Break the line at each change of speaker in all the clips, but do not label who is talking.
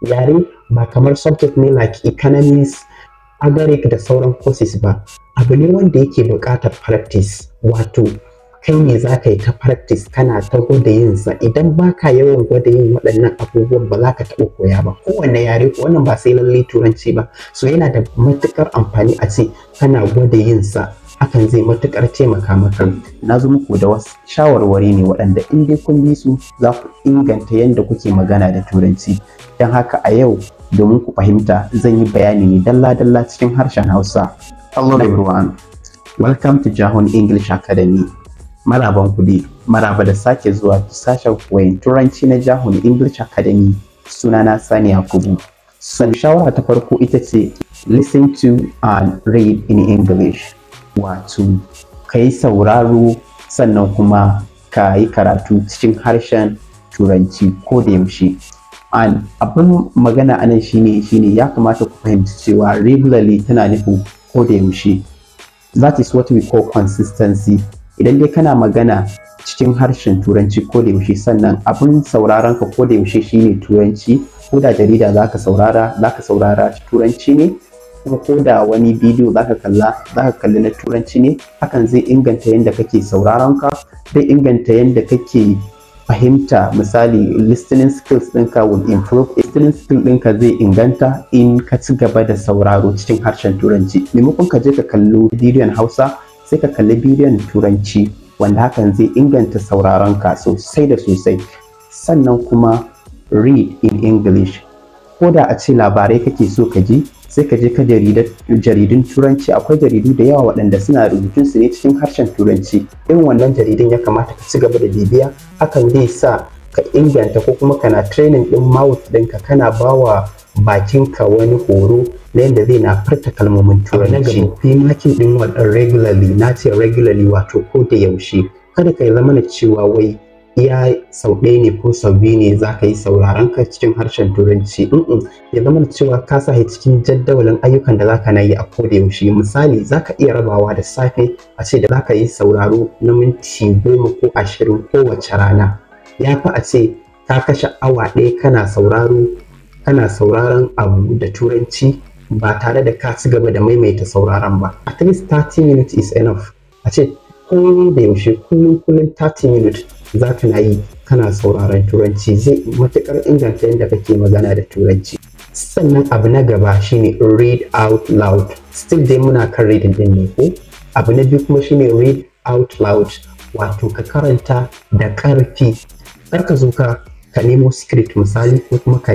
yare ba kamar subject ne like economics agaric da sauran courses ba abu ne wanda yake buƙatar practice wato kai ne za ka yi ta practice kana ta gwada yin sa idan ba ka yawan gwada yin waɗannan abubuwan ba za ka taɓa koya ba kowanne yare wannan ba sai lallai turanci ba so yana da matuƙar amfani a ce kana gwada yin sa hakan zai matukar taimaka maka na zo muku da wasu shawarwari ne waɗanda in dai kun bi su za ku inganta yadda kuke magana da turanci don haka a yau domin ku fahimta zan yi bayani ne dalla-dalla cikin harshen hausa hello everyone welcome to jahon english academy maraban kuɗi maraba da sake zuwa sashen koyon turanci na jahon english academy sunana sani yakubu sun shawara ta farko ita ce listen to and read in english wato ka yi sauraro sannan kuma ka yi karatu cikin harshen turanci ko da yaushe an abin magana anan shine shine ya kamata ku fahimci cewa regularly tana nufin ko da yaushe that is what we call consistency idan dai kana magana cikin harshen turanci ko da yaushe sannan abin sauraron ka ko da yaushe shine turanci ko da jarida zaka saurara zaka saurara turanci ne kuma ko da wani bidiyo zaka kalla zaka kalli na turanci ne hakan zai inganta yadda kake sauraron ka zai inganta yadda kake fahimta misali listening skills ɗinka will improve listening skills ɗinka zai inganta in ka ci gaba da sauraro cikin harshen turanci maimakon ka je ka kalli bidiyon hausa sai ka kalli bidiyon turanci wanda hakan zai inganta sauraron ka sosai da sosai sannan kuma read in english ko da a ce labarai kake so ka ji sai ka je ka jaridun turanci akwai jaridu da yawa waɗanda suna rubutun su ne cikin harshen turanci irin wannan jaridun ya kamata ka ci gaba da bibiya hakan zai sa ka inganta ko kuma kana training din mouth ka, kana bawa ka wani horo na yadda zai na furta kalmomin turanci fi makin din wannan regularly na ce regularly wato ko da yaushe kada ka zama na cewa wai iya sau ɗaya ne ko sau biyu ne za ka yi sauraron ka cikin harshen turanci ya zama da cewa ka sa cikin jaddawalin ayyukan da za ka na yi a koda yaushe misali za ka iya rabawa da safe a ce da za ka yi sauraro na minti goma ko ashirin kowace rana ya fi a ce ka kashe awa ɗaya kana sauraro kana sauraron abu da turanci ba tare da ka ci gaba da maimaita sauraron ba at least 30 minutes is enough a ce kullum da yaushe kullum kullum 30 minutes za ka na yi kana sauraron turanci zai matuƙar inganta yadda kake magana da turanci sannan abu na gaba shine read out loud still dai muna kan reading din ne ko abu na biyu kuma shine read out loud wato ka karanta da ƙarfi kar ka zo ka ka nemo script misali ko kuma ka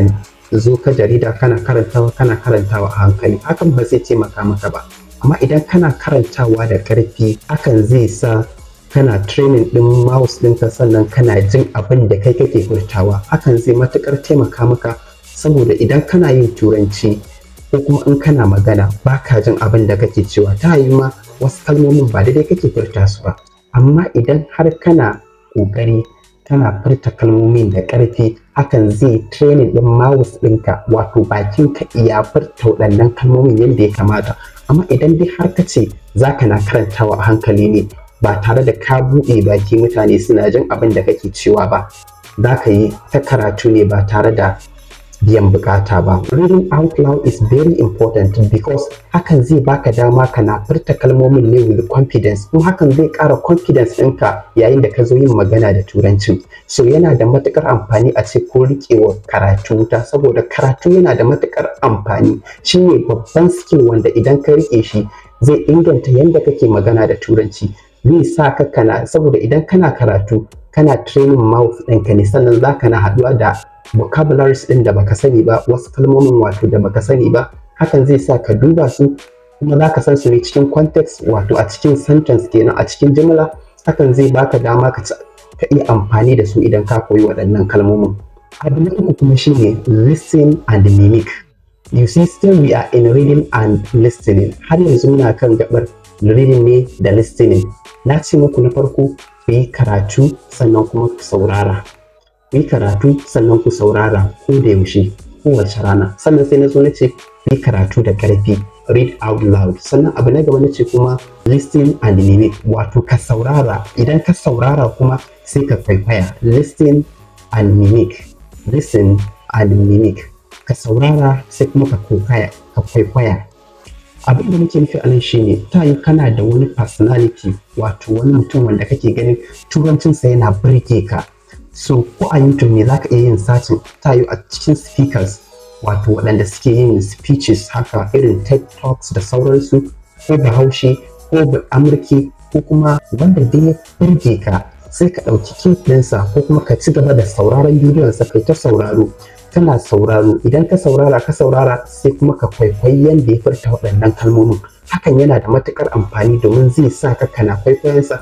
zo ka jarida kana karantawa kana karantawa a hankali hakan ba zai taimaka maka ba amma idan kana karantawa da ƙarfi hakan zai sa kana training din mouse ɗinka sannan kana jin abin da kai kake furtawa hakan zai matukar taimaka maka saboda idan kana yin turanci ko kuma in kana magana baka jin abin da kake cewa ta yi ma wasu kalmomin ba daidai kake furta su ba amma idan har kana ƙoƙari kana furta kalmomin da ƙarfi hakan zai training din mouse ɗinka wato bakin ka iya furta waɗannan kalmomin yadda ya kamata amma idan dai har ka ce za ka na karantawa a hankali ne ba tare da ka buɗe baki mutane suna jin abin da kake cewa ba za ka yi ta karatu ne ba tare da biyan bukata ba. Reading out loud is very important because hakan zai baka dama na furta kalmomin ne with confidence. kuma hakan zai ƙara confidence ɗinka yayin da ka zo yin magana da turanci? So yana da matukar amfani a ce ko riƙewa karatu wuta saboda karatu yana da matukar amfani. Shi ne babban skill wanda idan ka riƙe shi zai inganta yadda kake magana da turanci. zai sa ka kana saboda idan kana karatu kana training mouth ɗinka ne sannan za ka haɗuwa da vocabularies ɗin da baka sani ba wasu kalmomin wato da baka sani ba hakan zai sa ka duba su kuma za ka san su ne cikin context wato a cikin sentence kenan a cikin jimla hakan zai baka dama ka ka iya amfani da su idan ka koyi waɗannan kalmomin. Abu na uku kuma shine listen and mimic. You see still we are in reading and listening. Har yanzu muna kan gabar reading ne da listening na ce muku na farko ku yi karatu sannan kuma ku saurara ku yi karatu sannan ku saurara ko da yaushe kowace rana sannan sai na zo na ce ku yi karatu da ƙarfi read out loud sannan abu na gaba na ce kuma listening and mimic wato ka saurara idan ka saurara kuma sai ka kwaikwaya listening and mimic listen and mimic ka saurara sai kuma ka kwaikwaya abin da muke nufi a nan shine ta yi kana da wani personality wato wani mutum wanda kake ganin turancinsa yana birge ka so ko a youtube ne zaka iya yin satin ta yi a cikin speakers wato waɗanda suke yin speeches haka irin ted talks da sauransu ko bahaushe ko ba amurki ko kuma wanda dai ya birge ka sai ka ɗauki clip ko kuma ka ci gaba da sauraron bidiyonsa kai ta sauraro tana sauraro idan ka saurara ka saurara sai kuma ka kwaikwayi yadda ya furta waɗannan kalmomin hakan yana da matuƙar amfani domin zai sa ka kana kwaikwayonsa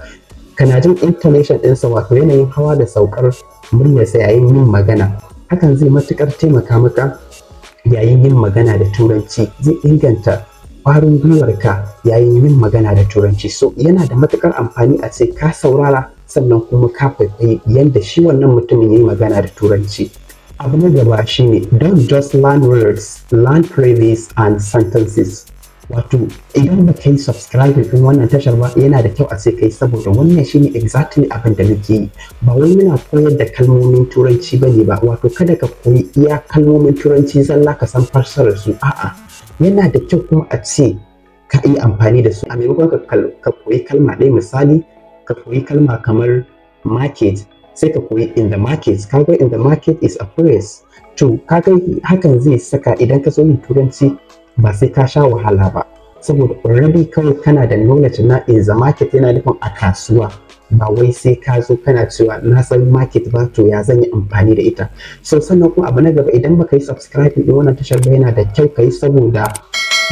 kana jin intonation ɗinsa wato yanayin hawa da saukar muryarsa yayin yin magana hakan zai matuƙar taimaka maka yayin yin magana da turanci zai inganta ƙwarin gwiwarka yayin yin magana da turanci so yana da matuƙar amfani a ce ka saurara sannan kuma ka kwaikwayi yadda shi wannan mutumin ya yi magana da turanci abu na gaba shine don't just learn words learn phrases and sentences wato idan ba kai subscribe din wannan tashar ba yana da kyau a sai kai saboda wannan shi ne exactly abin da muke yi ba wai muna koyar da kalmomin turanci ba ne ba wato kada ka koyi iya kalmomin turanci zalla ka san fassarar su a'a yana da kyau kuma a ce ka yi amfani da su a maimakon ka koyi kalma ɗaya misali ka koyi kalma kamar market sai ka koyi in the market kaga in the market is a place to kaga hakan zai saka idan ka so yin turanci ba sai ka sha wahala ba saboda already kawai kana da knowledge na in the market yana nufin a kasuwa ba wai sai ka zo kana cewa na san market ba to ya zan yi amfani da ita so sannan kuma abu na gaba idan baka yi subscribe ɗin wannan tashar ba yana da kyau ka yi saboda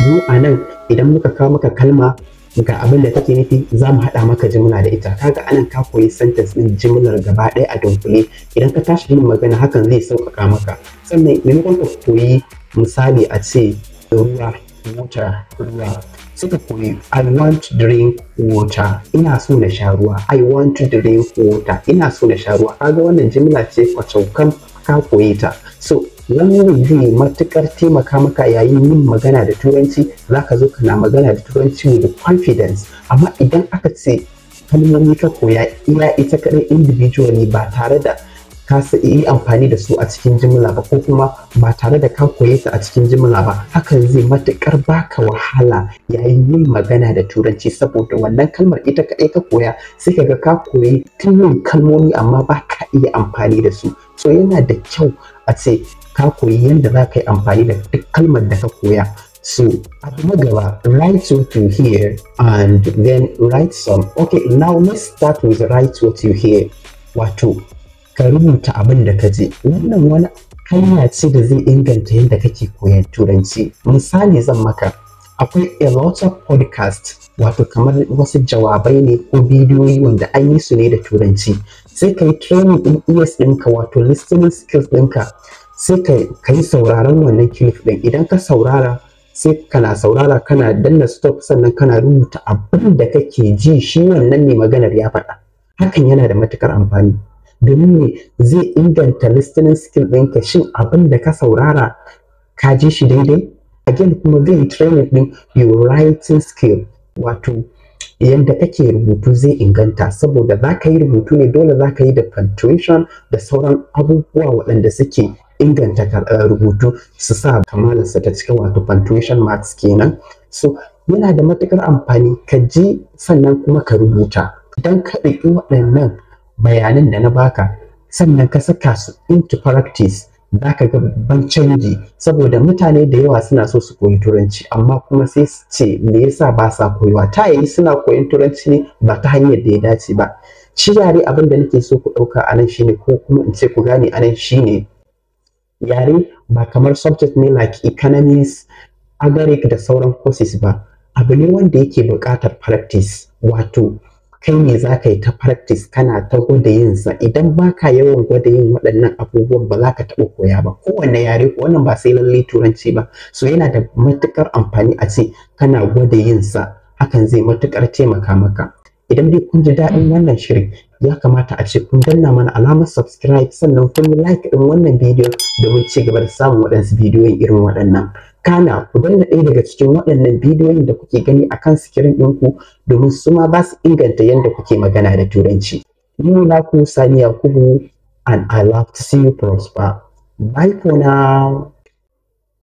mu a nan idan muka kawo maka kalma ga abin da take nufi za mu haɗa maka jimla da ita kaga anan ka koyi sentence ɗin jimlar gaba ɗaya a dunkule idan ka tashi yin magana hakan zai sauƙaƙa maka sannan maimakon ka koyi misali a ce ruwa water ruwa suka koyi I want to drink water ina so na sha ruwa I want to drink water ina so na sha ruwa kaga wannan jimla ce kwacaukan ka koyi ta so wani zai matukar taimaka maka yayin yin magana da turanci za ka zo kana magana da turanci da confidence amma idan aka ce kalmomi ka koya iya ita kadai individually ba tare da ka yi amfani da su a cikin jimla ba ko kuma ba tare da ka koye su a cikin jimla ba hakan zai matukar baka wahala yayin yin magana da turanci saboda wannan kalmar ita kadai ka koya sai ka ga ka koyi kalmomi kalmomi amma ba ka iya amfani da su so yana da kyau a ce ka koyi yadda za ka yi amfani da duk kalmar da ka koya So, abu na gaba, write what you hear and then write some. Okay, now let's start with write what you hear. Wato, ka rubuta abin da ka ji. Wannan wani hanya ce da zai inganta yadda kake koyan turanci. Misali zan maka, akwai a lot of podcast, wato kamar wasu jawabai ne ko bidiyoyi wanda an yi su ne da turanci. Sai ka yi training ɗin ES ɗinka wato listening skills ɗinka. sai ka yi sauraron wannan clip ɗin idan ka saurara sai kana saurara kana danna stop sannan kana rubuta abin da kake ji shi wannan ne maganar ya faɗa hakan yana da matukar amfani domin ne zai inganta listening skill ɗinka shin abin da ka saurara ka ji shi daidai again kuma zai training ɗin your writing skill wato yadda kake rubutu zai inganta saboda za ka yi rubutu ne dole za ka yi da punctuation da sauran abubuwa waɗanda suke inganta rubutu su sa kamalarsa ta cika wato punctuation marks kenan so yana da matukar amfani ka ji sannan kuma ka rubuta don ka ɗauki waɗannan bayanan da na baka sannan ka saka su into practice za ka ga ban canji saboda mutane da yawa suna so su koyi turanci amma kuma sai su ce me yasa ba sa koyuwa ta yayi suna koyon turanci ne ba ta hanyar da ya dace ba shi yare abin da nake so ku ɗauka anan nan shine ko kuma in ce ku gane anan shine yare ba kamar subject ne like economics agaric da sauran courses ba abu ne wanda yake buƙatar practice wato kai ne za ka yi ta practice kana ta gwada yin sa idan ba ka yawan gwada yin waɗannan abubuwan ba za ka taɓa koya ba kowanne yare wannan ba sai lallai turanci ba so yana da matuƙar amfani a ce kana gwada yin sa hakan zai matuƙar taimaka maka idan dai kun ji daɗin wannan shirin ya kamata a ce kun danna mana alamar subscribe sannan kun yi like ɗin wannan bidiyon domin ci gaba da samun waɗansu bidiyoyin irin waɗannan kana ku danna ɗaya daga cikin waɗannan bidiyoyin da kuke gani a kan sikirin ɗinku domin su ma ba su inganta yadda kuke magana da turanci ni na naku sani yakubu and i love to see you prosper bye for now